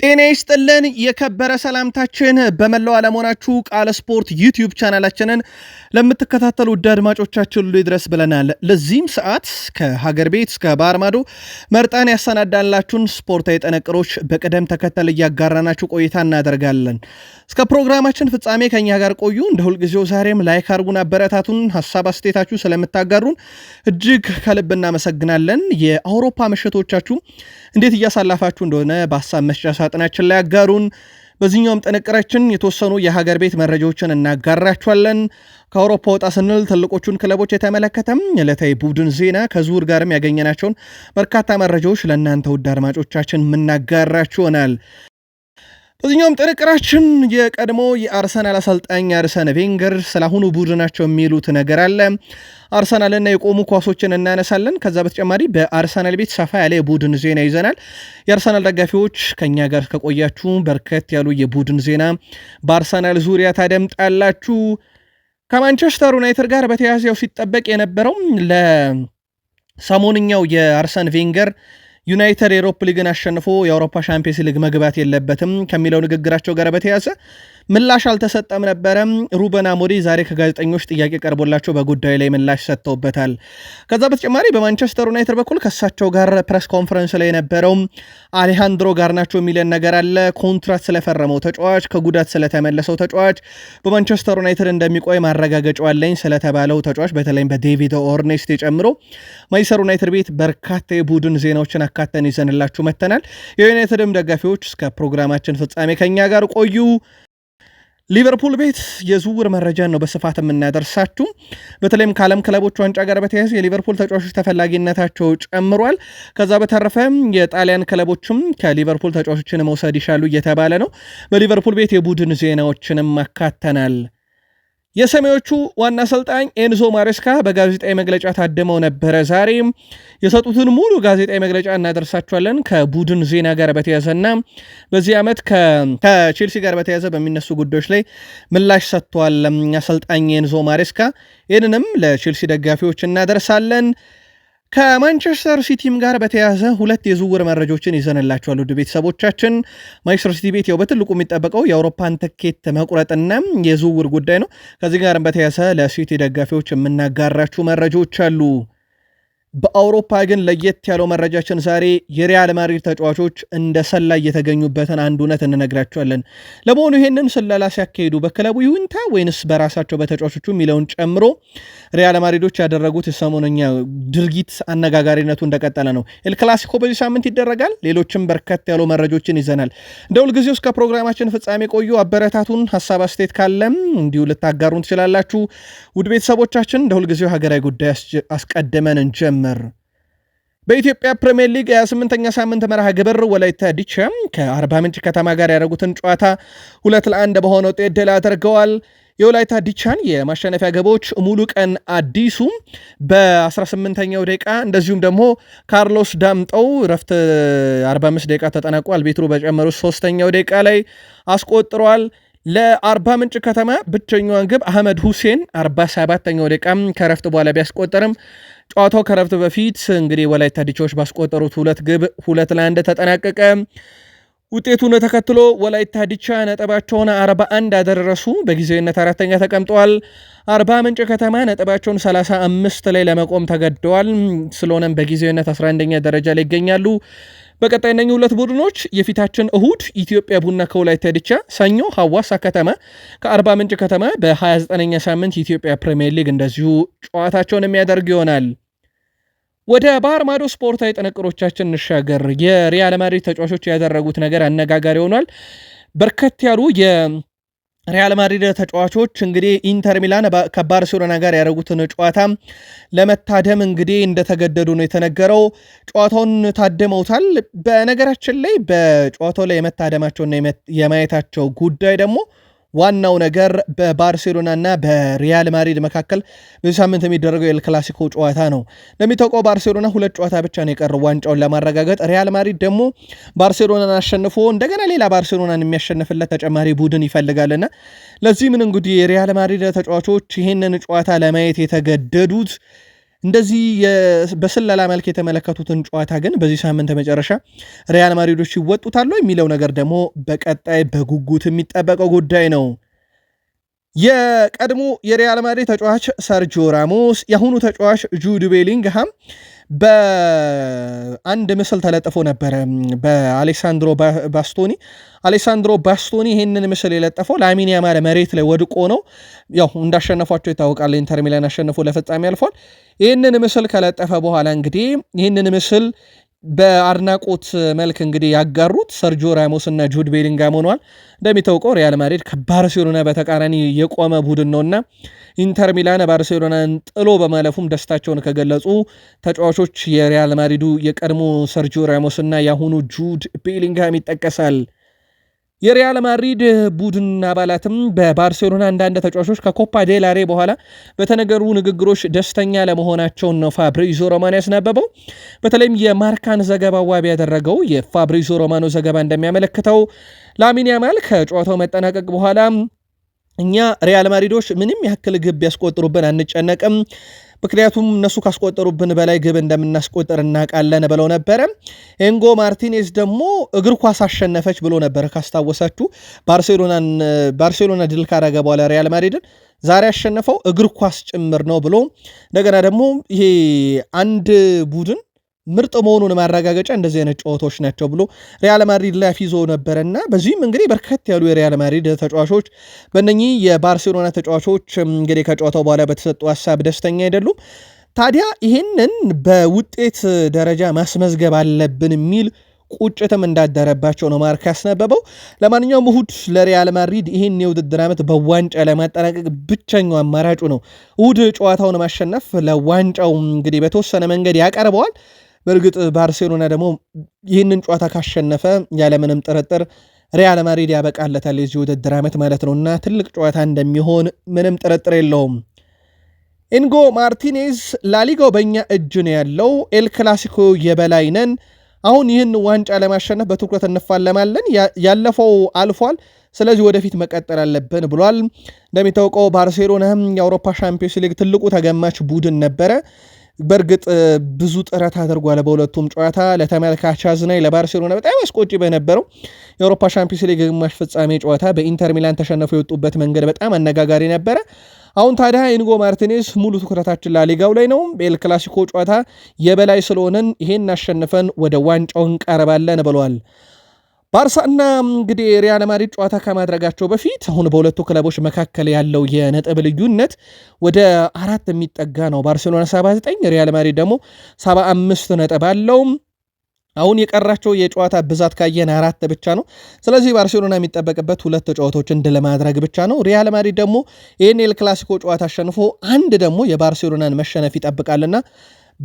ጤና ይስጥልን የከበረ ሰላምታችን በመላው አለመሆናችሁ ቃለ ስፖርት ዩቲዩብ ቻናላችንን ለምትከታተሉ ውድ አድማጮቻችን ሁሉ ይድረስ ብለናል። ለዚህም ሰዓት ከሀገር ቤት እስከ ባህር ማዶ መርጠን ያሰናዳላችሁን ስፖርታዊ ጥንቅሮች በቅደም ተከተል እያጋራናችሁ ቆይታ እናደርጋለን። እስከ ፕሮግራማችን ፍጻሜ ከኛ ጋር ቆዩ። እንደ ሁልጊዜው ዛሬም ላይክ አርጉን፣ አበረታቱን። ሀሳብ አስተያየታችሁ ስለምታጋሩን እጅግ ከልብ እናመሰግናለን። የአውሮፓ ምሽቶቻችሁ እንዴት እያሳለፋችሁ እንደሆነ በሀሳብ መስጫ ሳጥናችን ላይ አጋሩን። በዚህኛውም ጥንቅራችን የተወሰኑ የሀገር ቤት መረጃዎችን እናጋራችኋለን። ከአውሮፓ ወጣ ስንል ትልቆቹን ክለቦች የተመለከተም ዕለታዊ ቡድን ዜና ከዙር ጋርም ያገኘናቸውን በርካታ መረጃዎች ለእናንተ ውድ አድማጮቻችን የምናጋራችሁ ይሆናል። በዚህኛውም ጥርቅራችን የቀድሞ የአርሰናል አሰልጣኝ አርሰን ቬንገር ስለአሁኑ ቡድናቸው የሚሉት ነገር አለ። አርሰናልና የቆሙ ኳሶችን እናነሳለን። ከዛ በተጨማሪ በአርሰናል ቤት ሰፋ ያለ የቡድን ዜና ይዘናል። የአርሰናል ደጋፊዎች ከእኛ ጋር ከቆያችሁ በርከት ያሉ የቡድን ዜና በአርሰናል ዙሪያ ታደምጣላችሁ። ከማንቸስተር ዩናይትድ ጋር በተያያዘው ሲጠበቅ የነበረውም ለሰሞንኛው የአርሰን ቬንገር ዩናይትድ ኤሮፕ ሊግን አሸንፎ የአውሮፓ ሻምፒየንስ ሊግ መግባት የለበትም ከሚለው ንግግራቸው ጋር በተያያዘ ምላሽ አልተሰጠም ነበረም። ሩበን አሞሪም ዛሬ ከጋዜጠኞች ጥያቄ ቀርቦላቸው በጉዳዩ ላይ ምላሽ ሰጥተውበታል። ከዛ በተጨማሪ በማንቸስተር ዩናይትድ በኩል ከሳቸው ጋር ፕሬስ ኮንፈረንስ ላይ የነበረው አሌሃንድሮ ጋር ናቸው የሚለን ነገር አለ። ኮንትራት ስለፈረመው ተጫዋች፣ ከጉዳት ስለተመለሰው ተጫዋች፣ በማንቸስተር ዩናይትድ እንደሚቆይ ማረጋገጫው አለኝ ስለተባለው ተጫዋች በተለይም በዴቪድ ኦርኔስት ጨምሮ ማንቸስተር ዩናይትድ ቤት በርካታ የቡድን ዜናዎችን አካተን ይዘንላችሁ መተናል። የዩናይትድም ደጋፊዎች እስከ ፕሮግራማችን ፍጻሜ ከኛ ጋር ቆዩ። ሊቨርፑል ቤት የዝውውር መረጃን ነው በስፋት የምናደርሳችሁ። በተለይም ከዓለም ክለቦች ዋንጫ ጋር በተያያዘ የሊቨርፑል ተጫዋቾች ተፈላጊነታቸው ጨምሯል። ከዛ በተረፈ የጣሊያን ክለቦችም ከሊቨርፑል ተጫዋቾችን መውሰድ ይሻሉ እየተባለ ነው። በሊቨርፑል ቤት የቡድን ዜናዎችንም አካተናል። የሰሜዎቹ ዋና አሰልጣኝ ኤንዞ ማሬስካ በጋዜጣዊ መግለጫ ታድመው ነበረ። ዛሬም የሰጡትን ሙሉ ጋዜጣዊ መግለጫ እናደርሳቸዋለን ከቡድን ዜና ጋር በተያዘና በዚህ ዓመት ከቼልሲ ጋር በተያዘ በሚነሱ ጉዳዮች ላይ ምላሽ ሰጥቷል አሰልጣኝ ኤንዞ ማሬስካ። ይህንንም ለቼልሲ ደጋፊዎች እናደርሳለን። ከማንቸስተር ሲቲም ጋር በተያያዘ ሁለት የዝውውር መረጃዎችን ይዘንላችኋል። ውድ ቤተሰቦቻችን ማንቸስተር ሲቲ ቤት ያው በትልቁ የሚጠበቀው የአውሮፓን ትኬት መቁረጥና የዝውውር ጉዳይ ነው። ከዚህ ጋርም በተያያዘ ለሲቲ ደጋፊዎች የምናጋራችሁ መረጃዎች አሉ። በአውሮፓ ግን ለየት ያለው መረጃችን ዛሬ የሪያል ማድሪድ ተጫዋቾች እንደ ሰላ እየተገኙበትን አንድ እውነት እንነግራቸዋለን። ለመሆኑ ይህንን ስለላ ሲያካሂዱ በክለቡ ይሁንታ ወይንስ በራሳቸው በተጫዋቾቹ የሚለውን ጨምሮ ሪያል ማድሪዶች ያደረጉት የሰሞነኛ ድርጊት አነጋጋሪነቱ እንደቀጠለ ነው። ኤል ክላሲኮ በዚህ ሳምንት ይደረጋል። ሌሎችም በርከት ያሉ መረጃዎችን ይዘናል። እንደ ሁልጊዜ እስከ ፕሮግራማችን ፍጻሜ ቆዩ። አበረታቱን። ሀሳብ አስተያየት ካለም እንዲሁ ልታጋሩን ትችላላችሁ። ውድ ቤተሰቦቻችን እንደ ሁልጊዜው ሀገራዊ ጉዳይ አስቀድመን እንጀም ጭምር። በኢትዮጵያ ፕሪምየር ሊግ 28ኛ ሳምንት መርሃ ግብር ወላይታ ዲቻ ከአርባ ምንጭ ከተማ ጋር ያደረጉትን ጨዋታ ሁለት ለአንድ በሆነ ውጤት ድል አድርገዋል። የወላይታ ዲቻን የማሸነፊያ ገቦች ሙሉ ቀን አዲሱ በ18ኛው ደቂቃ እንደዚሁም ደግሞ ካርሎስ ዳምጠው ረፍት 45 ደቂቃ ተጠናቋል። ቤትሩ በጨመሩ ሶስተኛው ደቂቃ ላይ አስቆጥሯል። ለአርባ ምንጭ ከተማ ብቸኛዋን ግብ አህመድ ሁሴን አርባ ሰባተኛው ደቂቃም ከረፍት በኋላ ቢያስቆጠርም ጨዋታው ከረፍት በፊት እንግዲህ ወላይታ ዲቻዎች ባስቆጠሩት ሁለት ግብ ሁለት ለአንድ ተጠናቀቀ። ውጤቱን ተከትሎ ወላይታ ዲቻ ነጥባቸውን 41 አደረሱ። በጊዜነት አራተኛ ተቀምጠዋል። አርባ ምንጭ ከተማ ነጥባቸውን 35 ላይ ለመቆም ተገደዋል። ስለሆነም በጊዜነት 11ኛ ደረጃ ላይ ይገኛሉ። በቀጣይ እነኚህ ሁለት ቡድኖች የፊታችን እሁድ ኢትዮጵያ ቡና ከወላይታ ድቻ፣ ሰኞ ሐዋሳ ከተማ ከአርባ ምንጭ ከተማ በ29ኛ ሳምንት ኢትዮጵያ ፕሪምየር ሊግ እንደዚሁ ጨዋታቸውን የሚያደርግ ይሆናል። ወደ ባህር ማዶ ስፖርታዊ ጥንቅሮቻችን እንሻገር። የሪያል ማድሪድ ተጫዋቾች ያደረጉት ነገር አነጋጋሪ ሆኗል። በርከት ያሉ ሪያል ማድሪድ ተጫዋቾች እንግዲህ ኢንተር ሚላን ከባርሴሎና ጋር ያደረጉትን ጨዋታ ለመታደም እንግዲህ እንደተገደዱ ነው የተነገረው። ጨዋታውን ታደመውታል። በነገራችን ላይ በጨዋታው ላይ የመታደማቸውና የማየታቸው ጉዳይ ደግሞ ዋናው ነገር በባርሴሎናና በሪያል ማድሪድ መካከል በዚህ ሳምንት የሚደረገው ኤል ክላሲኮ ጨዋታ ነው። እንደሚታወቀው ባርሴሎና ሁለት ጨዋታ ብቻ ነው የቀረው ዋንጫውን ለማረጋገጥ። ሪያል ማድሪድ ደግሞ ባርሴሎናን አሸንፎ እንደገና ሌላ ባርሴሎናን የሚያሸንፍለት ተጨማሪ ቡድን ይፈልጋልና ምን እንግዲህ የሪያል ማድሪድ ተጫዋቾች ይህንን ጨዋታ ለማየት የተገደዱት እንደዚህ በስለላ መልክ የተመለከቱትን ጨዋታ ግን በዚህ ሳምንት መጨረሻ ሪያል ማድሪዶች ይወጡታሉ የሚለው ነገር ደግሞ በቀጣይ በጉጉት የሚጠበቀው ጉዳይ ነው። የቀድሞ የሪያል ማድሪድ ተጫዋች ሰርጂዮ ራሞስ፣ የአሁኑ ተጫዋች ጁድ ቤሊንግሃም በአንድ ምስል ተለጥፎ ነበረ በአሌሳንድሮ ባስቶኒ። አሌሳንድሮ ባስቶኒ ይህንን ምስል የለጠፈው ላሚን ያማል መሬት ላይ ወድቆ ነው። ያው እንዳሸነፏቸው ይታወቃል። ኢንተር ሚላን አሸንፎ ለፍጻሜ አልፏል። ይህንን ምስል ከለጠፈ በኋላ እንግዲህ ይህንን ምስል በአድናቆት መልክ እንግዲህ ያጋሩት ሰርጆ ራሞስ እና ጁድ ቤሊንጋም ሆነዋል። እንደሚታወቀው ሪያል ማድሪድ ከባርሴሎና በተቃራኒ የቆመ ቡድን ነውና ኢንተር ሚላን ባርሴሎናን ጥሎ በማለፉም ደስታቸውን ከገለጹ ተጫዋቾች የሪያል ማድሪዱ የቀድሞ ሰርጂዮ ራሞስ እና የአሁኑ ጁድ ቤሊንጋም ይጠቀሳል። የሪያል ማድሪድ ቡድን አባላትም በባርሴሎና አንዳንድ ተጫዋቾች ከኮፓ ዴላሬ በኋላ በተነገሩ ንግግሮች ደስተኛ ለመሆናቸውን ነው ፋብሪዞ ሮማኖ ያስናበበው። በተለይም የማርካን ዘገባ ዋቢ ያደረገው የፋብሪዞ ሮማኖ ዘገባ እንደሚያመለክተው ላሚን ያማል ከጨዋታው መጠናቀቅ በኋላ እኛ ሪያል ማድሪዶች ምንም ያክል ግብ ያስቆጥሩብን አንጨነቅም ምክንያቱም እነሱ ካስቆጠሩብን በላይ ግብ እንደምናስቆጠር እናውቃለን ብለው ነበረ። ኤንጎ ማርቲኔዝ ደግሞ እግር ኳስ አሸነፈች ብሎ ነበረ ካስታወሳችሁ። ባርሴሎና ድል ካረገ በኋላ ሪያል ማድሪድን ዛሬ ያሸነፈው እግር ኳስ ጭምር ነው ብሎ እንደገና ደግሞ ይሄ አንድ ቡድን ምርጥ መሆኑን ማረጋገጫ እንደዚህ አይነት ጨዋታዎች ናቸው ብሎ ሪያል ማድሪድ ላይ ይዞ ነበረና በዚህም እንግዲህ በርከት ያሉ የሪያል ማድሪድ ተጫዋቾች በእነኚህ የባርሴሎና ተጫዋቾች እንግዲህ ከጨዋታው በኋላ በተሰጡ ሀሳብ ደስተኛ አይደሉም። ታዲያ ይህንን በውጤት ደረጃ ማስመዝገብ አለብን የሚል ቁጭትም እንዳደረባቸው ነው ማርክ ያስነበበው። ለማንኛውም እሁድ ለሪያል ማድሪድ ይህን የውድድር ዓመት በዋንጫ ለማጠናቀቅ ብቸኛው አማራጩ ነው። እሁድ ጨዋታውን ማሸነፍ ለዋንጫው እንግዲህ በተወሰነ መንገድ ያቀርበዋል። በእርግጥ ባርሴሎና ደግሞ ይህንን ጨዋታ ካሸነፈ ያለምንም ጥርጥር ሪያል ማድሪድ ያበቃለታል የዚህ ውድድር ዓመት ማለት ነው እና ትልቅ ጨዋታ እንደሚሆን ምንም ጥርጥር የለውም። ኢንጎ ማርቲኔዝ ላሊጋው በእኛ እጅ ነው ያለው፣ ኤል ክላሲኮ የበላይ ነን። አሁን ይህን ዋንጫ ለማሸነፍ በትኩረት እንፋለማለን። ያለፈው አልፏል፣ ስለዚህ ወደፊት መቀጠል አለብን ብሏል። እንደሚታወቀው ባርሴሎናም የአውሮፓ ሻምፒዮንስ ሊግ ትልቁ ተገማች ቡድን ነበረ። በእርግጥ ብዙ ጥረት አድርጓል። በሁለቱም ጨዋታ ለተመልካች አዝናኝ ለባርሴሎና በጣም አስቆጪ በነበረው የአውሮፓ ሻምፒዮንስ ሊግ ግማሽ ፍጻሜ ጨዋታ በኢንተር ሚላን ተሸነፉ የወጡበት መንገድ በጣም አነጋጋሪ ነበረ። አሁን ታዲያ ኢንጎ ማርቲኔስ ሙሉ ትኩረታችን ላሊጋው ላይ ነው። ኤል ክላሲኮ ጨዋታ የበላይ ስለሆነን ይሄን አሸንፈን ወደ ዋንጫው እንቀርባለን ብለዋል። ባርሳ እና እንግዲህ ሪያል ማድሪድ ጨዋታ ከማድረጋቸው በፊት አሁን በሁለቱ ክለቦች መካከል ያለው የነጥብ ልዩነት ወደ አራት የሚጠጋ ነው። ባርሴሎና 79 ሪያል ማድሪድ ደግሞ 75 ነጥብ አለው። አሁን የቀራቸው የጨዋታ ብዛት ካየን አራት ብቻ ነው። ስለዚህ ባርሴሎና የሚጠበቅበት ሁለት ጨዋታዎች እንድ ለማድረግ ብቻ ነው። ሪያል ማድሪድ ደግሞ ይህን ኤል ክላሲኮ ጨዋታ አሸንፎ አንድ ደግሞ የባርሴሎናን መሸነፍ ይጠብቃልና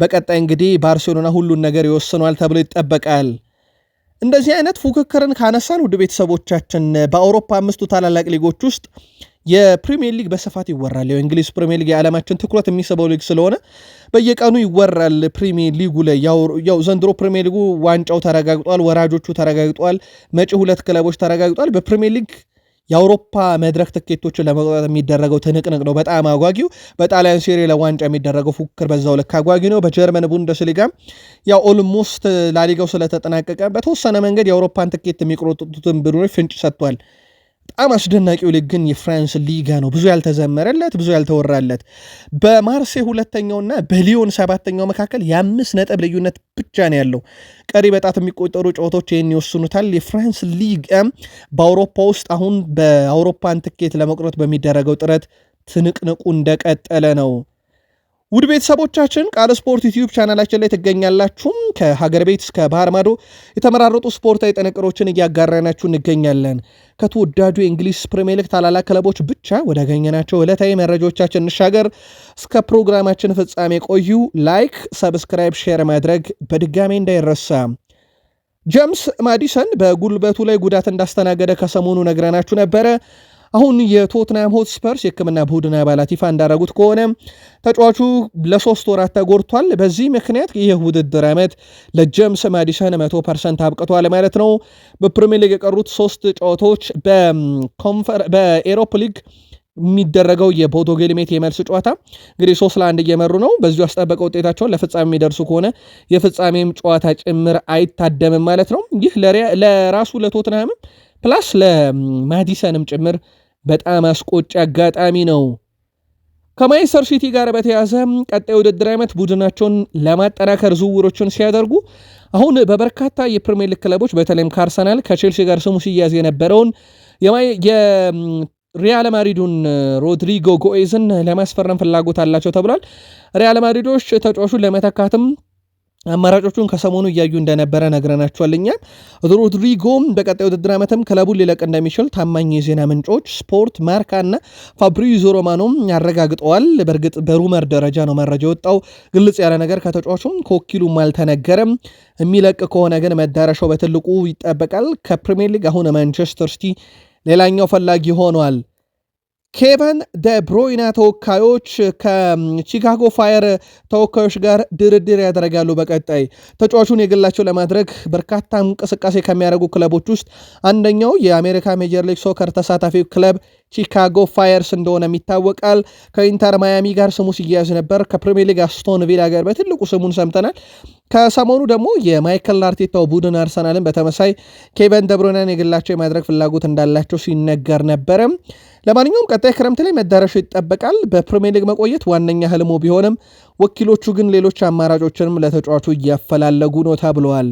በቀጣይ እንግዲህ ባርሴሎና ሁሉን ነገር ይወስኗል ተብሎ ይጠበቃል። እንደዚህ አይነት ፉክክርን ካነሳን ውድ ቤተሰቦቻችን በአውሮፓ አምስቱ ታላላቅ ሊጎች ውስጥ የፕሪሚየር ሊግ በስፋት ይወራል። ያው እንግሊዝ ፕሪሚየር ሊግ የዓለማችን ትኩረት የሚስበው ሊግ ስለሆነ በየቀኑ ይወራል። ፕሪሚየር ሊጉ ላይ ዘንድሮ ፕሪሚየር ሊጉ ዋንጫው ተረጋግጧል፣ ወራጆቹ ተረጋግጧል፣ መጪ ሁለት ክለቦች ተረጋግጧል። በፕሪሚየር ሊግ የአውሮፓ መድረክ ትኬቶችን ለመቆጣጠር የሚደረገው ትንቅንቅ ነው በጣም አጓጊው። በጣሊያን ሴሪ ለዋንጫ የሚደረገው ፉክክር በዛው ልክ አጓጊ ነው። በጀርመን ቡንደስሊጋ ያው ኦልሞስት ላሊጋው ስለተጠናቀቀ በተወሰነ መንገድ የአውሮፓን ትኬት የሚቆረጡትን ቡድኖች ፍንጭ ሰጥቷል። በጣም አስደናቂው ሊግ ግን የፍራንስ ሊጋ ነው። ብዙ ያልተዘመረለት ብዙ ያልተወራለት በማርሴ ሁለተኛውና በሊዮን ሰባተኛው መካከል የአምስት ነጥብ ልዩነት ብቻ ነው ያለው። ቀሪ በጣት የሚቆጠሩ ጨዋታዎች ይህን ይወስኑታል። የፍራንስ ሊግ በአውሮፓ ውስጥ አሁን በአውሮፓን ትኬት ለመቁረጥ በሚደረገው ጥረት ትንቅንቁ እንደቀጠለ ነው። ውድ ቤተሰቦቻችን ቃል ስፖርት ዩቲዩብ ቻናላችን ላይ ትገኛላችሁም። ከሀገር ቤት እስከ ባህር ማዶ የተመራረጡ ስፖርታዊ ጥንቅሮችን እያጋራናችሁ እንገኛለን። ከተወዳጁ የእንግሊዝ ፕሪሚየር ሊግ ታላላቅ ክለቦች ብቻ ወዳገኘናቸው ዕለታዊ መረጃዎቻችን እንሻገር። እስከ ፕሮግራማችን ፍጻሜ ቆዩ። ላይክ፣ ሰብስክራይብ፣ ሼር ማድረግ በድጋሜ እንዳይረሳ። ጀምስ ማዲሰን በጉልበቱ ላይ ጉዳት እንዳስተናገደ ከሰሞኑ ነግረናችሁ ነበረ። አሁን የቶትናም ሆትስፐርስ የሕክምና ቡድን አባላት ይፋ እንዳረጉት ከሆነ ተጫዋቹ ለሶስት ወራት ተጎድቷል። በዚህ ምክንያት ይህ ውድድር ዓመት ለጀምስ ማዲሰን 1% ፐርሰንት አብቅቷል ማለት ነው። በፕሪሚየር ሊግ የቀሩት ሶስት ጨዋታዎች በኤሮፕ ሊግ የሚደረገው የቦዶ ጌሊሜት የመልስ ጨዋታ እንግዲህ ሶስት ለአንድ እየመሩ ነው። በዚሁ አስጠበቀ ውጤታቸውን ለፍጻሜ የሚደርሱ ከሆነ የፍጻሜም ጨዋታ ጭምር አይታደምም ማለት ነው። ይህ ለራሱ ለቶትናምም ፕላስ ለማዲሰንም ጭምር በጣም አስቆጭ አጋጣሚ ነው። ከማንችስተር ሲቲ ጋር በተያዘ ቀጣይ ውድድር ዓመት ቡድናቸውን ለማጠናከር ዝውውሮችን ሲያደርጉ አሁን በበርካታ የፕሪሚየር ሊግ ክለቦች በተለይም ከአርሰናል ከቼልሲ ጋር ስሙ ሲያዝ የነበረውን ሪያል ማድሪዱን ሮድሪጎ ጎኤዝን ለማስፈረም ፍላጎት አላቸው ተብሏል። ሪያል ማድሪዶች ተጫዋቹን ለመተካትም አማራጮቹን ከሰሞኑ እያዩ እንደነበረ ነግረናቸዋል። እኛን ሮድሪጎም በቀጣይ ውድድር ዓመትም ክለቡን ሊለቅ እንደሚችል ታማኝ የዜና ምንጮች ስፖርት፣ ማርካ እና ፋብሪዞ ሮማኖም ያረጋግጠዋል። በእርግጥ በሩመር ደረጃ ነው መረጃ የወጣው። ግልጽ ያለ ነገር ከተጫዋቹም ከወኪሉም አልተነገረም። የሚለቅ ከሆነ ግን መዳረሻው በትልቁ ይጠበቃል። ከፕሪሚየር ሊግ አሁን ማንቸስተር ሲቲ ሌላኛው ፈላጊ ሆኗል። ኬቨን ደብሮይና ተወካዮች ከቺካጎ ፋየር ተወካዮች ጋር ድርድር ያደረጋሉ በቀጣይ ተጫዋቹን የግላቸው ለማድረግ በርካታ እንቅስቃሴ ከሚያደርጉ ክለቦች ውስጥ አንደኛው የአሜሪካ ሜጀር ሊግ ሶከር ተሳታፊ ክለብ ቺካጎ ፋየርስ እንደሆነም ይታወቃል። ከኢንተር ማያሚ ጋር ስሙ ሲያያዝ ነበር። ከፕሪሚየር ሊግ አስቶን ቪላ ጋር በትልቁ ስሙን ሰምተናል። ከሰሞኑ ደግሞ የማይከል አርቴታው ቡድን አርሰናልን በተመሳይ ኬቨን ደብሮናን የግላቸው የማድረግ ፍላጎት እንዳላቸው ሲነገር ነበረም። ለማንኛውም ቀጣይ ክረምት ላይ መዳረሻ ይጠበቃል። በፕሪሚየር ሊግ መቆየት ዋነኛ ህልሞ ቢሆንም ወኪሎቹ ግን ሌሎች አማራጮችንም ለተጫዋቹ እያፈላለጉ ነው ተብለዋል።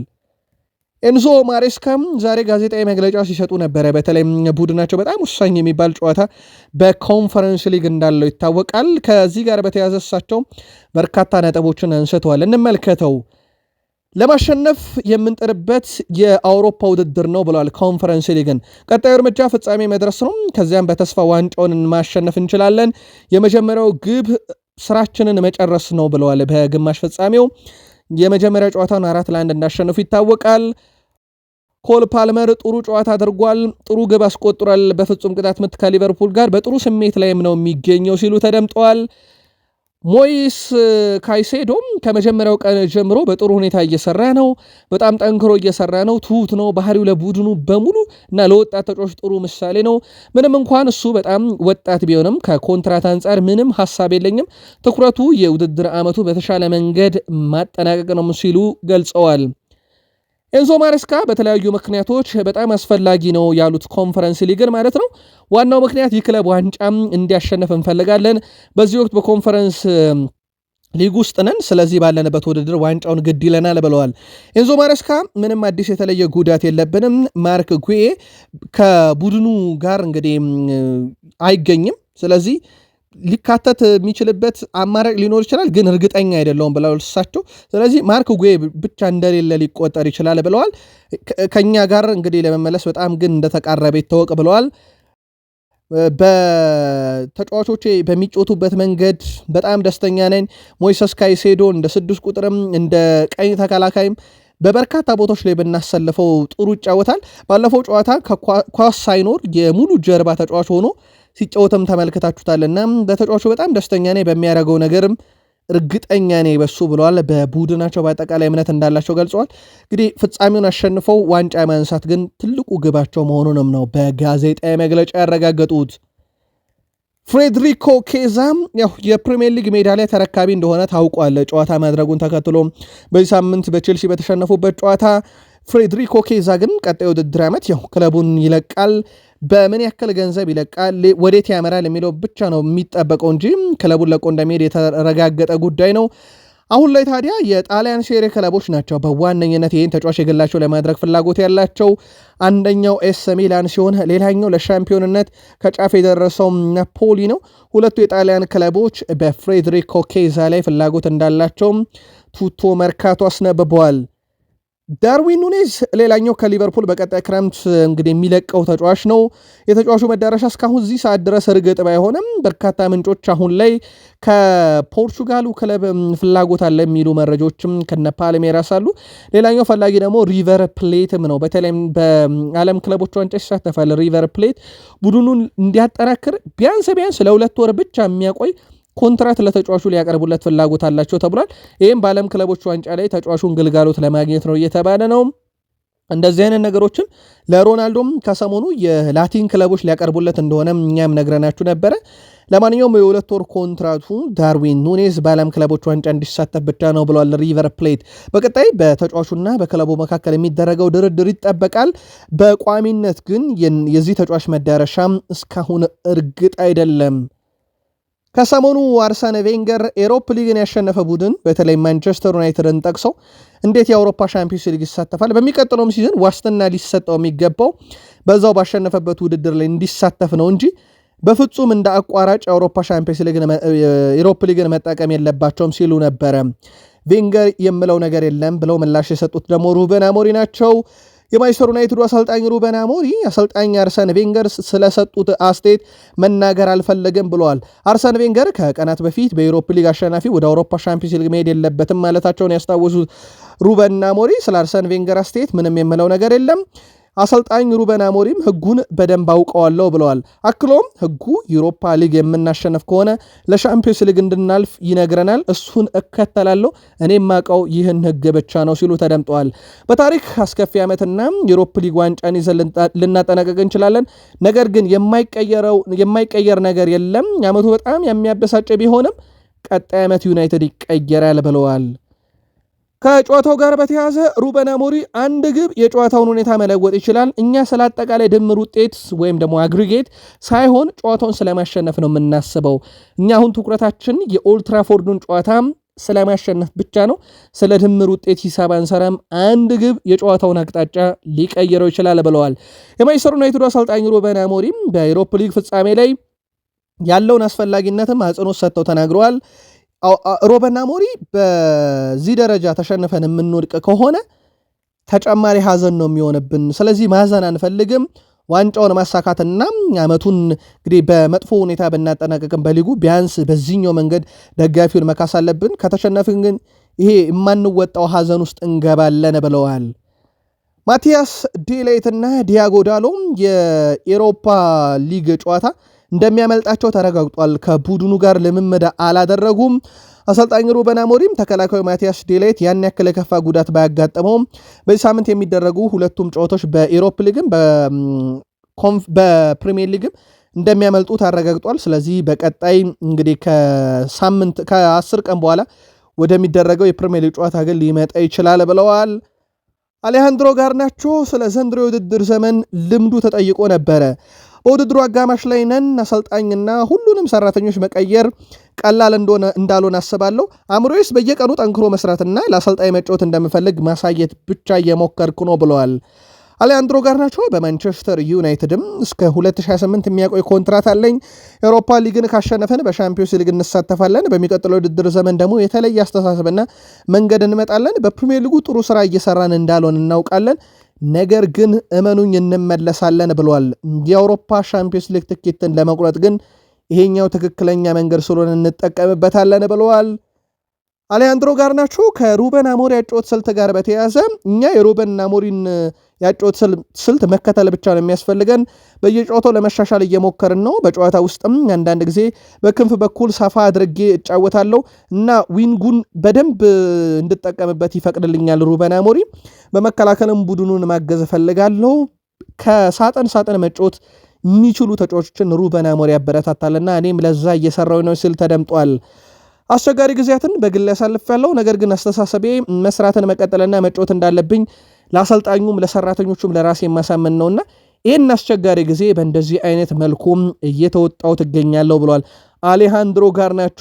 ኤንዞ ማሬስካም ዛሬ ጋዜጣዊ መግለጫ ሲሰጡ ነበረ። በተለይ ቡድናቸው በጣም ወሳኝ የሚባል ጨዋታ በኮንፈረንስ ሊግ እንዳለው ይታወቃል። ከዚህ ጋር በተያያዘ እሳቸው በርካታ ነጥቦችን አንስተዋል። እንመልከተው። ለማሸነፍ የምንጥርበት የአውሮፓ ውድድር ነው ብለዋል። ኮንፈረንስ ሊግን ቀጣዩ እርምጃ ፍጻሜ መድረስ ነው። ከዚያም በተስፋ ዋንጫውን ማሸነፍ እንችላለን። የመጀመሪያው ግብ ስራችንን መጨረስ ነው ብለዋል። በግማሽ ፍጻሜው የመጀመሪያ ጨዋታውን አራት ለአንድ እንዳሸነፉ ይታወቃል። ኮል ፓልመር ጥሩ ጨዋታ አድርጓል። ጥሩ ግብ አስቆጥሯል። በፍጹም ቅጣት ምት ከሊቨርፑል ጋር በጥሩ ስሜት ላይም ነው የሚገኘው ሲሉ ተደምጠዋል። ሞይስ ካይሴዶም ከመጀመሪያው ቀን ጀምሮ በጥሩ ሁኔታ እየሰራ ነው። በጣም ጠንክሮ እየሰራ ነው። ትሁት ነው ባህሪው ለቡድኑ በሙሉ እና ለወጣት ተጫዋች ጥሩ ምሳሌ ነው። ምንም እንኳን እሱ በጣም ወጣት ቢሆንም ከኮንትራት አንጻር ምንም ሀሳብ የለኝም። ትኩረቱ የውድድር ዓመቱ በተሻለ መንገድ ማጠናቀቅ ነው ሲሉ ገልጸዋል። ኤንዞ ማሬስካ በተለያዩ ምክንያቶች በጣም አስፈላጊ ነው ያሉት ኮንፈረንስ ሊግን ማለት ነው። ዋናው ምክንያት ይህ ክለብ ዋንጫም እንዲያሸነፍ እንፈልጋለን። በዚህ ወቅት በኮንፈረንስ ሊግ ውስጥ ነን። ስለዚህ ባለንበት ውድድር ዋንጫውን ግድ ይለናል ብለዋል። ኤንዞ ማሬስካ ምንም አዲስ የተለየ ጉዳት የለብንም፣ ማርክ ጉዬ ከቡድኑ ጋር እንግዲህ አይገኝም። ስለዚህ ሊካተት የሚችልበት አማራጭ ሊኖር ይችላል፣ ግን እርግጠኛ አይደለውም ብለው እሳቸው። ስለዚህ ማርክ ጉዌ ብቻ እንደሌለ ሊቆጠር ይችላል ብለዋል። ከእኛ ጋር እንግዲህ ለመመለስ በጣም ግን እንደተቃረበ ይታወቅ ብለዋል። በተጫዋቾቼ በሚጮቱበት መንገድ በጣም ደስተኛ ነኝ። ሞይሰስ ካይሴዶ እንደ ስድስት ቁጥርም እንደ ቀኝ ተከላካይም በበርካታ ቦታዎች ላይ ብናሰልፈው ጥሩ ይጫወታል። ባለፈው ጨዋታ ኳስ ሳይኖር የሙሉ ጀርባ ተጫዋች ሆኖ ሲጫወትም ተመልክታችሁታልና በተጫዋቹ በጣም ደስተኛ ነኝ፣ በሚያደርገው ነገር እርግጠኛ ነኝ በሱ ብለዋል። በቡድናቸው በአጠቃላይ እምነት እንዳላቸው ገልጸዋል። እንግዲህ ፍጻሜውን አሸንፈው ዋንጫ ማንሳት ግን ትልቁ ግባቸው መሆኑንም ነው በጋዜጣ መግለጫ ያረጋገጡት። ፍሬድሪኮ ኬዛም ያው የፕሪሚየር ሊግ ሜዳሊያ ተረካቢ እንደሆነ ታውቋል። ጨዋታ ማድረጉን ተከትሎ በዚህ ሳምንት በቼልሲ በተሸነፉበት ጨዋታ ፍሬድሪኮ ኬዛ ግን ቀጣይ ውድድር ዓመት ያው ክለቡን ይለቃል። በምን ያክል ገንዘብ ይለቃል፣ ወዴት ያመራል የሚለው ብቻ ነው የሚጠበቀው እንጂ ክለቡን ለቆ እንደሚሄድ የተረጋገጠ ጉዳይ ነው። አሁን ላይ ታዲያ የጣሊያን ሴሬ ክለቦች ናቸው በዋነኝነት ይህን ተጫዋች የግላቸው ለማድረግ ፍላጎት ያላቸው። አንደኛው ኤስ ሚላን ሲሆን ሌላኛው ለሻምፒዮንነት ከጫፍ የደረሰው ናፖሊ ነው። ሁለቱ የጣሊያን ክለቦች በፍሬድሪኮ ኬዛ ላይ ፍላጎት እንዳላቸውም ቱቶ መርካቶ አስነብበዋል። ዳርዊን ኑኔዝ ሌላኛው ከሊቨርፑል በቀጣይ ክረምት እንግዲህ የሚለቀው ተጫዋች ነው። የተጫዋቹ መዳረሻ እስካሁን እዚህ ሰዓት ድረስ እርግጥ ባይሆንም በርካታ ምንጮች አሁን ላይ ከፖርቹጋሉ ክለብ ፍላጎት አለ የሚሉ መረጃዎችም ከነ ፓልሜራስ አሉ። ሌላኛው ፈላጊ ደግሞ ሪቨር ፕሌትም ነው። በተለይም በዓለም ክለቦች ዋንጫ ይሳተፋል። ሪቨር ፕሌት ቡድኑን እንዲያጠናክር ቢያንስ ቢያንስ ለሁለት ወር ብቻ የሚያቆይ ኮንትራት ለተጫዋቹ ሊያቀርቡለት ፍላጎት አላቸው ተብሏል። ይህም በዓለም ክለቦች ዋንጫ ላይ ተጫዋቹን ግልጋሎት ለማግኘት ነው እየተባለ ነው። እንደዚህ አይነት ነገሮችን ለሮናልዶም ከሰሞኑ የላቲን ክለቦች ሊያቀርቡለት እንደሆነም እኛም ነግረናችሁ ነበረ። ለማንኛውም የሁለት ወር ኮንትራቱ ዳርዊን ኑኔዝ በዓለም ክለቦች ዋንጫ እንዲሳተፍ ብቻ ነው ብሏል ሪቨር ፕሌት። በቀጣይ በተጫዋቹና በክለቡ መካከል የሚደረገው ድርድር ይጠበቃል። በቋሚነት ግን የዚህ ተጫዋች መዳረሻም እስካሁን እርግጥ አይደለም። ከሰሞኑ አርሳነ ቬንገር ኤሮፕ ሊግን ያሸነፈ ቡድን በተለይ ማንቸስተር ዩናይትድን ጠቅሰው እንዴት የአውሮፓ ሻምፒዮንስ ሊግ ይሳተፋል? በሚቀጥለውም ሲዝን ዋስትና ሊሰጠው የሚገባው በዛው ባሸነፈበት ውድድር ላይ እንዲሳተፍ ነው እንጂ በፍጹም እንደ አቋራጭ የአውሮፓ ሻምፒዮንስ ኤሮፕ ሊግን መጠቀም የለባቸውም ሲሉ ነበረ። ቬንገር የምለው ነገር የለም ብለው ምላሽ የሰጡት ደግሞ ሩበን አሞሪ ናቸው። የማንቸስተር ዩናይትዱ አሰልጣኝ ሩበን አሞሪ አሰልጣኝ አርሰን ቬንገር ስለሰጡት አስተያየት መናገር አልፈለገም ብለዋል። አርሰን ቬንገር ከቀናት በፊት በዩሮፕ ሊግ አሸናፊ ወደ አውሮፓ ሻምፒዮንስ ሊግ መሄድ የለበትም ማለታቸውን ያስታወሱት ሩበን አሞሪ ስለ አርሰን ቬንገር አስተያየት ምንም የምለው ነገር የለም አሰልጣኝ ሩበን አሞሪም ህጉን በደንብ አውቀዋለሁ ብለዋል። አክሎም ህጉ ዩሮፓ ሊግ የምናሸነፍ ከሆነ ለሻምፒዮንስ ሊግ እንድናልፍ ይነግረናል። እሱን እከተላለሁ፣ እኔ የማውቀው ይህን ህግ ብቻ ነው ሲሉ ተደምጠዋል። በታሪክ አስከፊ ዓመትና ዩሮፕ ሊግ ዋንጫን ይዘን ልናጠናቀቅ እንችላለን። ነገር ግን የማይቀየር ነገር የለም። አመቱ በጣም የሚያበሳጭ ቢሆንም ቀጣይ ዓመት ዩናይትድ ይቀየራል ብለዋል። ከጨዋታው ጋር በተያያዘ ሩበን አሞሪ አንድ ግብ የጨዋታውን ሁኔታ መለወጥ ይችላል። እኛ ስለ አጠቃላይ ድምር ውጤት ወይም ደግሞ አግሪጌት ሳይሆን ጨዋታውን ስለማሸነፍ ነው የምናስበው። እኛ አሁን ትኩረታችን የኦልትራፎርዱን ጨዋታ ስለማሸነፍ ብቻ ነው። ስለ ድምር ውጤት ሂሳብ አንሰራም። አንድ ግብ የጨዋታውን አቅጣጫ ሊቀይረው ይችላል ብለዋል። የማንቸስተር ዩናይትዱ አሰልጣኝ ሩበን አሞሪም በአውሮፓ ሊግ ፍጻሜ ላይ ያለውን አስፈላጊነትም አጽንኦት ሰጥተው ተናግረዋል። ሮበን ሞሪ በዚህ ደረጃ ተሸንፈን የምንወድቅ ከሆነ ተጨማሪ ሀዘን ነው የሚሆንብን። ስለዚህ ማዘን አንፈልግም። ዋንጫውን ማሳካትና አመቱን እንግዲህ በመጥፎ ሁኔታ ብናጠናቀቅም በሊጉ ቢያንስ በዚህኛው መንገድ ደጋፊውን መካስ አለብን። ከተሸነፍን ግን ይሄ የማንወጣው ሀዘን ውስጥ እንገባለን ብለዋል። ማቲያስ ዴላይትና ዲያጎ ዳሎም የኤሮፓ ሊግ ጨዋታ እንደሚያመልጣቸው ተረጋግጧል። ከቡድኑ ጋር ልምምድ አላደረጉም። አሰልጣኝ ሩበን አሞሪም ተከላካዩ ማቲያስ ዴላይት ያን ያክል የከፋ ጉዳት ባያጋጠመውም በዚህ ሳምንት የሚደረጉ ሁለቱም ጨዋታዎች በኢሮፕ ሊግም በፕሪሚየር ሊግም እንደሚያመልጡ ታረጋግጧል። ስለዚህ በቀጣይ እንግዲህ ከሳምንት ከአስር ቀን በኋላ ወደሚደረገው የፕሪሚየር ሊግ ጨዋታ ግን ሊመጣ ይችላል ብለዋል። አሌሃንድሮ ጋርናቾ ስለ ዘንድሮ የውድድር ዘመን ልምዱ ተጠይቆ ነበረ። በውድድሩ አጋማሽ ላይ ነን። አሰልጣኝና ሁሉንም ሰራተኞች መቀየር ቀላል እንደሆነ እንዳልሆነ አስባለሁ። አእምሮዬስ በየቀኑ ጠንክሮ መስራትና ለአሰልጣኝ መጫወት እንደምፈልግ ማሳየት ብቻ እየሞከርኩ ነው ብለዋል። ጋር ናቸው በማንቸስተር ዩናይትድም እስከ 2028 የሚያቆይ ኮንትራት አለኝ። ኤውሮፓ ሊግን ካሸነፈን በሻምፒዮንስ ሊግ እንሳተፋለን። በሚቀጥለው ውድድር ዘመን ደግሞ የተለየ አስተሳሰብና መንገድ እንመጣለን። በፕሪሚየር ሊጉ ጥሩ ስራ እየሰራን እንዳልሆን እናውቃለን። ነገር ግን እመኑኝ እንመለሳለን ብሏል። የአውሮፓ ሻምፒዮንስ ሊግ ትኬትን ለመቁረጥ ግን ይሄኛው ትክክለኛ መንገድ ስለሆነ እንጠቀምበታለን ብለዋል። አሌያንድሮ ጋር ናቸው ከሩበን አሞሪ ያጨወት ስልት ጋር በተያያዘ እኛ የሩበን አሞሪን ያጨወት ስልት መከተል ብቻ ነው የሚያስፈልገን። በየጨዋታው ለመሻሻል እየሞከርን ነው። በጨዋታ ውስጥም አንዳንድ ጊዜ በክንፍ በኩል ሰፋ አድርጌ እጫወታለሁ እና ዊንጉን በደንብ እንድጠቀምበት ይፈቅድልኛል ሩበን አሞሪ። በመከላከልም ቡድኑን ማገዝ እፈልጋለሁ። ከሳጥን ሳጥን መጫወት የሚችሉ ተጫዋቾችን ሩበን አሞሪ ያበረታታልና እኔም ለዛ እየሰራው ነው ስል ተደምጧል። አስቸጋሪ ጊዜያትን በግል ያሳልፍ ያለው ነገር ግን አስተሳሰቤ መስራትን መቀጠልና መጮት እንዳለብኝ ለአሰልጣኙም ለሰራተኞቹም ለራሴ የማሳመን ነውና ይህን አስቸጋሪ ጊዜ በእንደዚህ አይነት መልኩም እየተወጣው ትገኛለሁ ብሏል አሌሃንድሮ ጋርናቾ።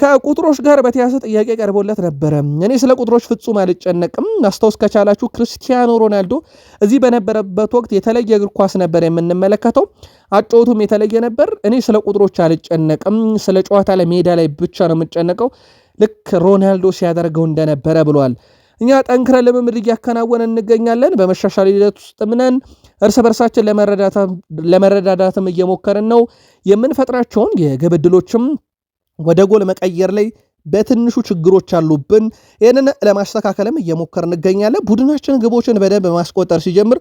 ከቁጥሮች ጋር በተያያዘ ጥያቄ ቀርቦለት ነበረ። እኔ ስለ ቁጥሮች ፍጹም አልጨነቅም። ማስታወስ ከቻላችሁ ክርስቲያኖ ሮናልዶ እዚህ በነበረበት ወቅት የተለየ እግር ኳስ ነበር የምንመለከተው፣ አጨዋወቱም የተለየ ነበር። እኔ ስለ ቁጥሮች አልጨነቅም፣ ስለ ጨዋታ ለሜዳ ሜዳ ላይ ብቻ ነው የምጨነቀው፣ ልክ ሮናልዶ ሲያደርገው እንደነበረ ብሏል። እኛ ጠንክረን ልምምድ እያከናወን እንገኛለን። በመሻሻል ሂደት ውስጥ ምነን እርስ በርሳችን ለመረዳዳትም እየሞከርን ነው። የምንፈጥራቸውን የግብ ዕድሎችም ወደ ጎል መቀየር ላይ በትንሹ ችግሮች አሉብን። ይህንን ለማስተካከልም እየሞከር እንገኛለን። ቡድናችን ግቦችን በደንብ ማስቆጠር ሲጀምር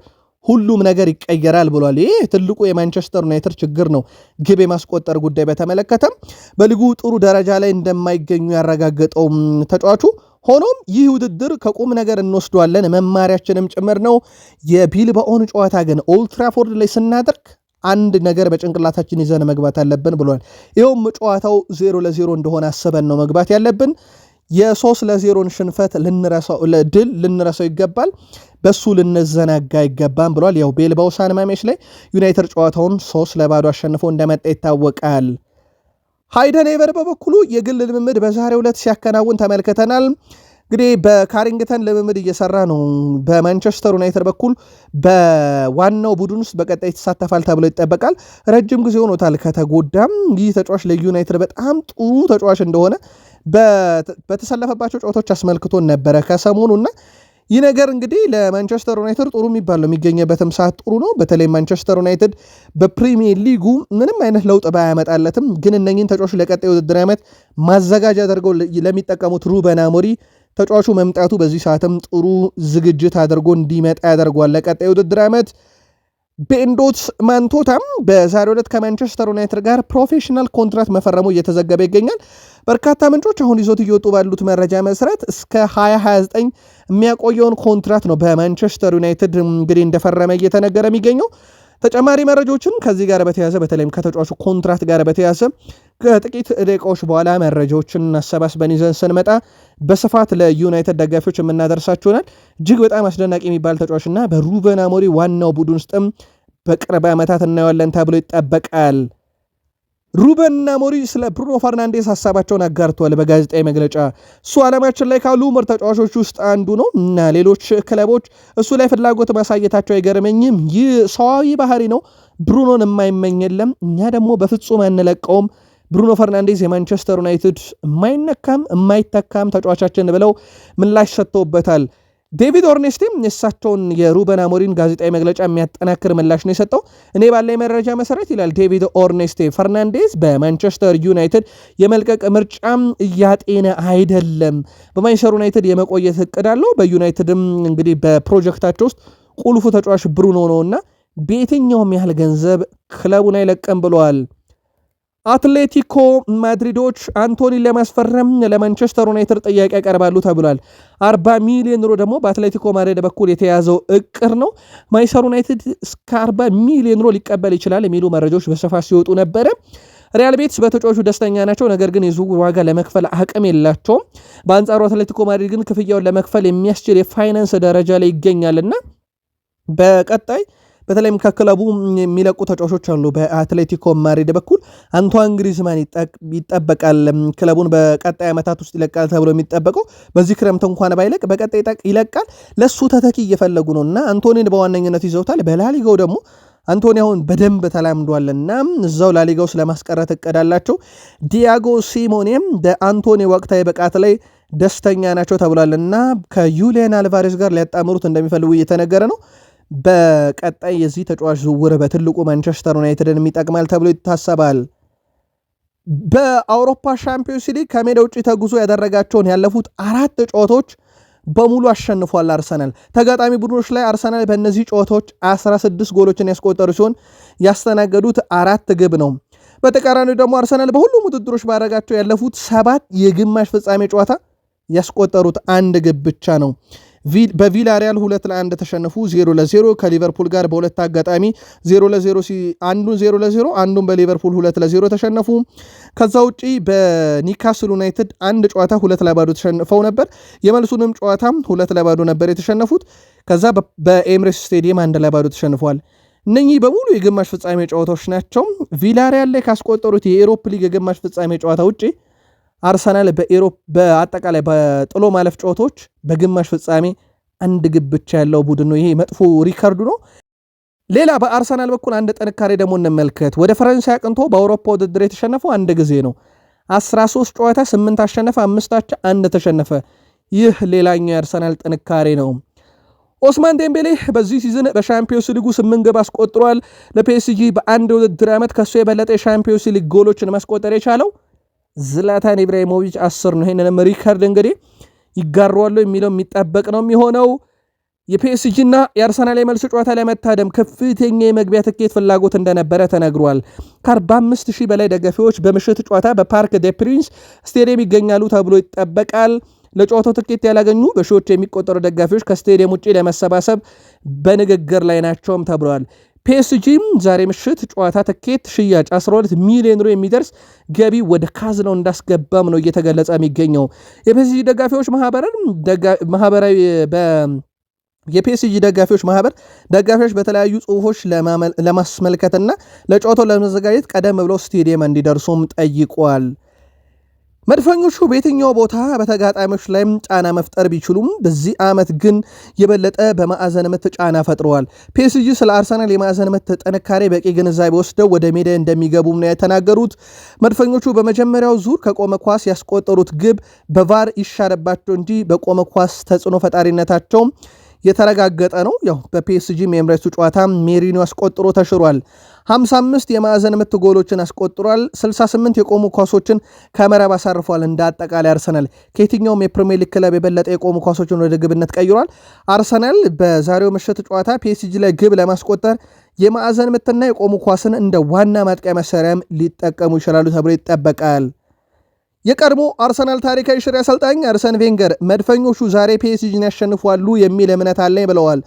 ሁሉም ነገር ይቀየራል ብሏል። ይህ ትልቁ የማንቸስተር ዩናይትድ ችግር ነው። ግብ የማስቆጠር ጉዳይ በተመለከተም በሊጉ ጥሩ ደረጃ ላይ እንደማይገኙ ያረጋገጠው ተጫዋቹ ሆኖም ይህ ውድድር ከቁም ነገር እንወስደዋለን፣ መማሪያችንም ጭምር ነው። የቢልባኦን ጨዋታ ግን ኦልትራፎርድ ላይ ስናደርግ አንድ ነገር በጭንቅላታችን ይዘን መግባት አለብን ብሏል። ይኸውም ጨዋታው ዜሮ ለዜሮ እንደሆነ አስበን ነው መግባት ያለብን። የሶስት ለዜሮን ሽንፈት ድል ልንረሳው ይገባል፣ በሱ ልንዘናጋ ይገባም ብሏል። ያው ቤልባው ሳን ላይ ዩናይትድ ጨዋታውን ሶስት ለባዶ አሸንፎ እንደመጣ ይታወቃል። ሃይደን ኤቨር በበኩሉ የግል ልምምድ በዛሬው ዕለት ሲያከናውን ተመልክተናል። እንግዲህ በካሪንግተን ልምምድ እየሰራ ነው። በማንቸስተር ዩናይትድ በኩል በዋናው ቡድን ውስጥ በቀጣይ ይሳተፋል ተብሎ ይጠበቃል። ረጅም ጊዜ ሆኖታል ከተጎዳም። ይህ ተጫዋች ለዩናይትድ በጣም ጥሩ ተጫዋች እንደሆነ በተሰለፈባቸው ጨዋታዎች አስመልክቶ ነበረ እና ይህ ነገር እንግዲህ ለማንቸስተር ዩናይትድ ጥሩ የሚባል ነው። የሚገኝበትም ሰዓት ጥሩ ነው። በተለይ ማንቸስተር ዩናይትድ በፕሪሚየር ሊጉ ምንም አይነት ለውጥ ባያመጣለትም ግን እነኝን ተጫዋች ለቀጣይ ውድድር ዓመት ማዘጋጅ አድርገው ለሚጠቀሙት ሩበን አሞሪ ተጫዋቹ መምጣቱ በዚህ ሰዓትም ጥሩ ዝግጅት አድርጎ እንዲመጣ ያደርጓል ለቀጣይ ውድድር ዓመት። ቤንዶት ማንቶታም በዛሬ ዕለት ከማንቸስተር ዩናይትድ ጋር ፕሮፌሽናል ኮንትራት መፈረሙ እየተዘገበ ይገኛል። በርካታ ምንጮች አሁን ይዞት እየወጡ ባሉት መረጃ መሰረት እስከ 2029 የሚያቆየውን ኮንትራት ነው በማንቸስተር ዩናይትድ እንግዲህ እንደፈረመ እየተነገረ የሚገኘው። ተጨማሪ መረጃዎችን ከዚህ ጋር በተያዘ በተለይም ከተጫዋቹ ኮንትራት ጋር በተያዘ ከጥቂት ደቂቃዎች በኋላ መረጃዎችን አሰባስበን ይዘን ስንመጣ በስፋት ለዩናይትድ ደጋፊዎች የምናደርሳችሁ እጅግ በጣም አስደናቂ የሚባል ተጫዋችና በሩቨን አሞሪ ዋናው ቡድን ውስጥም በቅርብ ዓመታት እናየዋለን ተብሎ ይጠበቃል። ሩበን ሞሪ ስለ ብሩኖ ፈርናንዴስ ሀሳባቸውን አጋርተዋል በጋዜጣዊ መግለጫ። እሱ ዓለማችን ላይ ካሉ ምርጥ ተጫዋቾች ውስጥ አንዱ ነው እና ሌሎች ክለቦች እሱ ላይ ፍላጎት ማሳየታቸው አይገርመኝም። ይህ ሰዋዊ ባህሪ ነው። ብሩኖን የማይመኝ የለም። እኛ ደግሞ በፍጹም አንለቀውም። ብሩኖ ፈርናንዴዝ የማንቸስተር ዩናይትድ የማይነካም የማይተካም ተጫዋቻችን ብለው ምላሽ ሰጥተውበታል። ዴቪድ ኦርኔስቴም የእሳቸውን የሩበን አሞሪን ጋዜጣዊ መግለጫ የሚያጠናክር ምላሽ ነው የሰጠው። እኔ ባለ መረጃ መሰረት ይላል ዴቪድ ኦርኔስቴ፣ ፈርናንዴዝ በማንቸስተር ዩናይትድ የመልቀቅ ምርጫም እያጤነ አይደለም። በማንቸስተር ዩናይትድ የመቆየት እቅድ አለው። በዩናይትድም እንግዲህ በፕሮጀክታቸው ውስጥ ቁልፉ ተጫዋች ብሩኖ ነውና በየትኛውም ያህል ገንዘብ ክለቡን አይለቀም ብለዋል። አትሌቲኮ ማድሪዶች አንቶኒ ለማስፈረም ለማንቸስተር ዩናይትድ ጥያቄ ያቀርባሉ ተብሏል። 40 ሚሊዮን ዩሮ ደግሞ በአትሌቲኮ ማድሪድ በኩል የተያዘው እቅር ነው። ማንቸስተር ዩናይትድ እስከ 40 ሚሊዮን ዩሮ ሊቀበል ይችላል የሚሉ መረጃዎች በስፋት ሲወጡ ነበረ። ሪያል ቤትስ በተጫዋቹ ደስተኛ ናቸው፣ ነገር ግን የዝውውር ዋጋ ለመክፈል አቅም የላቸውም። በአንጻሩ አትሌቲኮ ማድሪድ ግን ክፍያውን ለመክፈል የሚያስችል የፋይናንስ ደረጃ ላይ ይገኛልና በቀጣይ በተለይም ከክለቡ የሚለቁ ተጫዋቾች አሉ። በአትሌቲኮ ማድሪድ በኩል አንቷን ግሪዝማን ይጠበቃል። ክለቡን በቀጣይ ዓመታት ውስጥ ይለቃል ተብሎ የሚጠበቀው በዚህ ክረምት እንኳን ባይለቅ በቀጣይ ይለቃል። ለሱ ተተኪ እየፈለጉ ነው እና አንቶኒን በዋነኝነት ይዘውታል። በላሊጋው ደግሞ አንቶኒ አሁን በደንብ ተላምዷልና እዛው ላሊጋው ስለማስቀረት እቀዳላቸው ዲያጎ ሲሞኔም በአንቶኒ ወቅታዊ ብቃት ላይ ደስተኛ ናቸው ተብሏልና ከዩሊያን አልቫሬስ ጋር ሊያጣምሩት እንደሚፈልጉ እየተነገረ ነው። በቀጣይ የዚህ ተጫዋች ዝውውር በትልቁ ማንቸስተር ዩናይትድን የሚጠቅማል ተብሎ ይታሰባል። በአውሮፓ ሻምፒዮንስ ሊግ ከሜዳ ውጭ ተጉዞ ያደረጋቸውን ያለፉት አራት ጨዋታዎች በሙሉ አሸንፏል አርሰናል። ተጋጣሚ ቡድኖች ላይ አርሰናል በእነዚህ ጨዋታዎች 16 ጎሎችን ያስቆጠሩ ሲሆን ያስተናገዱት አራት ግብ ነው። በተቃራኒው ደግሞ አርሰናል በሁሉም ውድድሮች ባደረጋቸው ያለፉት ሰባት የግማሽ ፍጻሜ ጨዋታ ያስቆጠሩት አንድ ግብ ብቻ ነው። በቪላሪያል ሁለት ለአንድ ተሸነፉ። ዜሮ ለዜሮ ከሊቨርፑል ጋር በሁለት አጋጣሚ ዜሮ ለዜሮ አንዱን ዜሮ ለዜሮ አንዱን በሊቨርፑል ሁለት ለዜሮ ተሸነፉ። ከዛ ውጪ በኒካስል ዩናይትድ አንድ ጨዋታ ሁለት ለባዶ ተሸንፈው ነበር። የመልሱንም ጨዋታም ሁለት ለባዶ ነበር የተሸነፉት። ከዛ በኤምሬስ ስቴዲየም አንድ ለባዶ ተሸንፏል። እነኚህ በሙሉ የግማሽ ፍጻሜ ጨዋታዎች ናቸው። ቪላሪያል ላይ ካስቆጠሩት የኤሮፕ ሊግ የግማሽ ፍጻሜ ጨዋታ ውጪ አርሰናል በኤሮፕ በአጠቃላይ በጥሎ ማለፍ ጨዋታዎች በግማሽ ፍጻሜ አንድ ግብ ብቻ ያለው ቡድን ነው። ይሄ መጥፎ ሪከርዱ ነው። ሌላ በአርሰናል በኩል አንድ ጥንካሬ ደግሞ እንመልከት። ወደ ፈረንሳይ አቅንቶ በአውሮፓ ውድድር የተሸነፈው አንድ ጊዜ ነው። 13 ጨዋታ 8 አሸነፈ፣ አምስታቻ አንድ ተሸነፈ። ይህ ሌላኛው የአርሰናል ጥንካሬ ነው። ኦስማን ዴምቤሌ በዚህ ሲዝን በሻምፒዮንስ ሊጉ ስምንት ግብ አስቆጥሯል። ለፒኤስጂ በአንድ ውድድር ዓመት ከሱ የበለጠ የሻምፒዮንስ ሊግ ጎሎችን ማስቆጠር የቻለው ዝላታን ኢብራሂሞቪች አስር ነው። ይሄንን ሪካርድ እንግዲህ ይጋሯሉ የሚለው የሚጠበቅ ነው የሚሆነው። የፒኤስጂና የአርሰናል የመልሶ ጨዋታ ለመታደም ከፍተኛ የመግቢያ ትኬት ፍላጎት እንደነበረ ተነግሯል። ከ45 ሺህ በላይ ደጋፊዎች በምሽት ጨዋታ በፓርክ ደ ፕሪንስ ስቴዲየም ይገኛሉ ተብሎ ይጠበቃል። ለጨዋታው ትኬት ያላገኙ በሺዎች የሚቆጠሩ ደጋፊዎች ከስቴዲየም ውጭ ለመሰባሰብ በንግግር ላይ ናቸውም ተብሏል። ፒኤስጂም ዛሬ ምሽት ጨዋታ ትኬት ሽያጭ 12 ሚሊዮን ዩሮ የሚደርስ ገቢ ወደ ካዝናው እንዳስገባም ነው እየተገለጸ የሚገኘው። የፒኤስጂ ደጋፊዎች ማህበርን ማህበራዊ የፒኤስጂ ደጋፊዎች ማህበር ደጋፊዎች በተለያዩ ጽሁፎች ለማስመልከትና ለጨዋታው ለመዘጋጀት ቀደም ብለው ስቴዲየም እንዲደርሱም ጠይቋል። መድፈኞቹ በየትኛው ቦታ በተጋጣሚዎች ላይም ጫና መፍጠር ቢችሉም በዚህ ዓመት ግን የበለጠ በማዕዘን ምት ጫና ፈጥረዋል። ፒኤስጂ ስለ አርሰናል የማዕዘን ምት ጥንካሬ በቂ ግንዛቤ ወስደው ወደ ሜዳ እንደሚገቡም ነው የተናገሩት። መድፈኞቹ በመጀመሪያው ዙር ከቆመ ኳስ ያስቆጠሩት ግብ በቫር ይሻረባቸው እንጂ በቆመ ኳስ ተጽዕኖ ፈጣሪነታቸው የተረጋገጠ ነው። ያው በፒኤስጂ የኤምሬትሱ ጨዋታ ሜሪኖ አስቆጥሮ ተሽሯል። 55 የማዕዘን ምት ጎሎችን አስቆጥሯል። 68 የቆሙ ኳሶችን ከመረብ አሳርፏል። እንደ አጠቃላይ አርሰናል ከየትኛውም የፕሪሚየር ሊግ ክለብ የበለጠ የቆሙ ኳሶችን ወደ ግብነት ቀይሯል። አርሰናል በዛሬው ምሽት ጨዋታ ፒኤስጂ ላይ ግብ ለማስቆጠር የማዕዘን ምትና የቆሙ ኳስን እንደ ዋና ማጥቂያ መሳሪያም ሊጠቀሙ ይችላሉ ተብሎ ይጠበቃል። የቀድሞ አርሰናል ታሪካዊ ሽሬ አሰልጣኝ አርሰን ቬንገር መድፈኞቹ ዛሬ ፒኤስጂን ያሸንፏሉ የሚል እምነት አለኝ ብለዋል።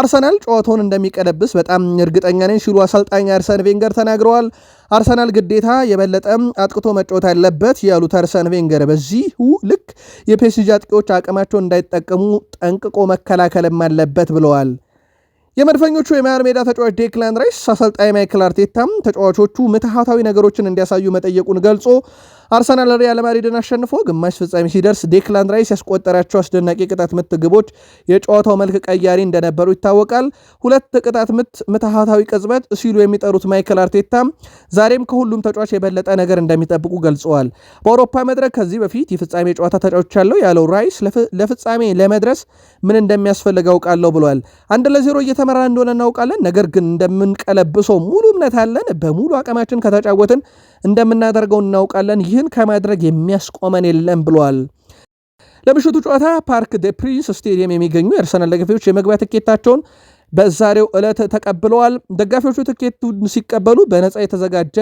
አርሰናል ጨዋታውን እንደሚቀለብስ በጣም እርግጠኛ ነኝ ሲሉ አሰልጣኝ አርሰን ቬንገር ተናግረዋል። አርሰናል ግዴታ የበለጠም አጥቅቶ መጫወት ያለበት ያሉት አርሰን ቬንገር በዚሁ ልክ የፒኤስጂ አጥቂዎች አቅማቸውን እንዳይጠቀሙ ጠንቅቆ መከላከልም አለበት ብለዋል። የመድፈኞቹ የማያር ሜዳ ተጫዋች ዴክላን ራይስ አሰልጣኝ ማይክል አርቴታም ተጫዋቾቹ ምትሃታዊ ነገሮችን እንዲያሳዩ መጠየቁን ገልጾ አርሰናል ሪያል ማድሪድን አሸንፎ ግማሽ ፍጻሜ ሲደርስ ዴክላን ራይስ ያስቆጠራቸው አስደናቂ ቅጣት ምት ግቦች የጨዋታው መልክ ቀያሪ እንደነበሩ ይታወቃል። ሁለት ቅጣት ምት ምትሃታዊ ቅጽበት ሲሉ የሚጠሩት ማይክል አርቴታም ዛሬም ከሁሉም ተጫዋች የበለጠ ነገር እንደሚጠብቁ ገልጸዋል። በአውሮፓ መድረክ ከዚህ በፊት የፍጻሜ ጨዋታ ተጫዋች ያለው ያለው ራይስ ለፍጻሜ ለመድረስ ምን እንደሚያስፈልግ አውቃለሁ ብሏል። አንድ ለዜሮ እየተ እየተመራ እንደሆነ እናውቃለን። ነገር ግን እንደምንቀለብሰው ሙሉ እምነት አለን። በሙሉ አቅማችን ከተጫወትን እንደምናደርገው እናውቃለን። ይህን ከማድረግ የሚያስቆመን የለም ብሏል። ለምሽቱ ጨዋታ ፓርክ ደ ፕሪንስ ስቴዲየም የሚገኙ የአርሰናል ደጋፊዎች የመግቢያ ትኬታቸውን በዛሬው ዕለት ተቀብለዋል። ደጋፊዎቹ ትኬቱን ሲቀበሉ በነፃ የተዘጋጀ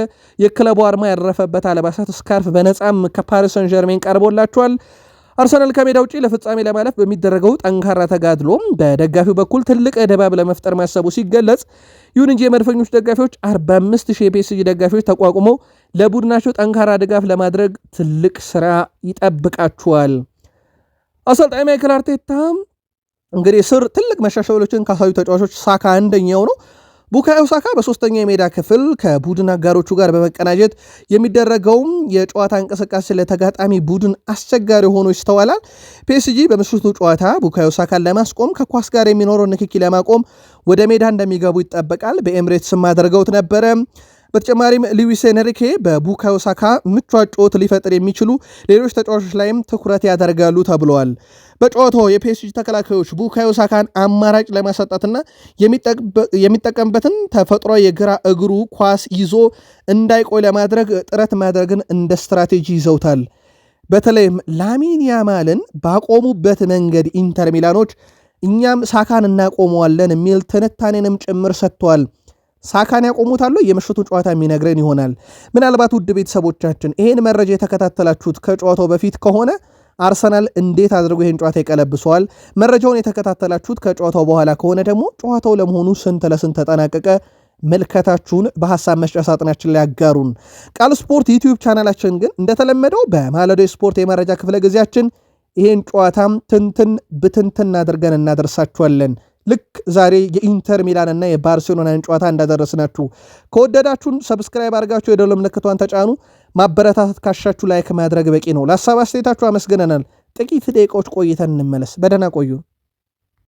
የክለቡ አርማ ያረፈበት አለባሳት ስካርፍ በነፃም ከፓሪስ ሰን ጀርሜን ቀርቦላቸዋል። አርሰናል ከሜዳ ውጪ ለፍጻሜ ለማለፍ በሚደረገው ጠንካራ ተጋድሎ በደጋፊው በኩል ትልቅ ድባብ ለመፍጠር ማሰቡ ሲገለጽ፣ ይሁን እንጂ የመድፈኞች ደጋፊዎች 45 የፒኤስጂ ደጋፊዎች ተቋቁመው ለቡድናቸው ጠንካራ ድጋፍ ለማድረግ ትልቅ ስራ ይጠብቃቸዋል። አሰልጣኝ ማይክል አርቴታ እንግዲህ ስር ትልቅ መሻሻሎችን ካሳዩ ተጫዋቾች ሳካ አንደኛው ነው። ቡካዮ ሳካ በሶስተኛው የሜዳ ክፍል ከቡድን አጋሮቹ ጋር በመቀናጀት የሚደረገውም የጨዋታ እንቅስቃሴ ለተጋጣሚ ቡድን አስቸጋሪ ሆኖ ይስተዋላል። ፒኤስጂ በምሽቱ ጨዋታ ቡካዮ ሳካን ለማስቆም ከኳስ ጋር የሚኖረው ንክኪ ለማቆም ወደ ሜዳ እንደሚገቡ ይጠበቃል። በኤምሬትስም አድርገውት ነበረ። በተጨማሪም ሉዊስ ኤንሪኬ በቡካዮ ሳካ ምቹ ሊፈጥር የሚችሉ ሌሎች ተጫዋቾች ላይም ትኩረት ያደርጋሉ ተብለዋል። በጨዋታው የፒኤስጂ ተከላካዮች ቡካዮ ሳካን አማራጭ ለማሳጣትና የሚጠቀምበትን ተፈጥሮ የግራ እግሩ ኳስ ይዞ እንዳይቆይ ለማድረግ ጥረት ማድረግን እንደ ስትራቴጂ ይዘውታል። በተለይም ላሚን ያማልን ባቆሙበት መንገድ ኢንተር ሚላኖች እኛም ሳካን እናቆመዋለን የሚል ትንታኔንም ጭምር ሰጥቷል። ሳካን ያቆሙታል የምሽቱን ጨዋታ የሚነግረን ይሆናል። ምናልባት ውድ ቤተሰቦቻችን ይህን መረጃ የተከታተላችሁት ከጨዋታው በፊት ከሆነ አርሰናል እንዴት አድርጎ ይህን ጨዋታ ይቀለብሰዋል? መረጃውን የተከታተላችሁት ከጨዋታው በኋላ ከሆነ ደግሞ ጨዋታው ለመሆኑ ስንት ለስንት ተጠናቀቀ? ምልከታችሁን በሀሳብ መስጫ ሳጥናችን ላይ አጋሩን ቃል ስፖርት ዩቲዩብ ቻናላችን ግን እንደተለመደው በማለዶ ስፖርት የመረጃ ክፍለ ጊዜያችን ይህን ጨዋታም ትንትን ብትንትን አድርገን እናደርሳችኋለን። ልክ ዛሬ የኢንተር ሚላን ሚላንና የባርሴሎናን ጨዋታ እንዳደረስናችሁ ከወደዳችሁን ሰብስክራይብ አድርጋችሁ የደወል ምልክቷን ተጫኑ። ማበረታታት ካሻችሁ ላይክ ማድረግ በቂ ነው። ለሀሳብ አስተያየታችሁ አመስግነናል። ጥቂት ደቂቃዎች ቆይተን እንመለስ። በደህና ቆዩን።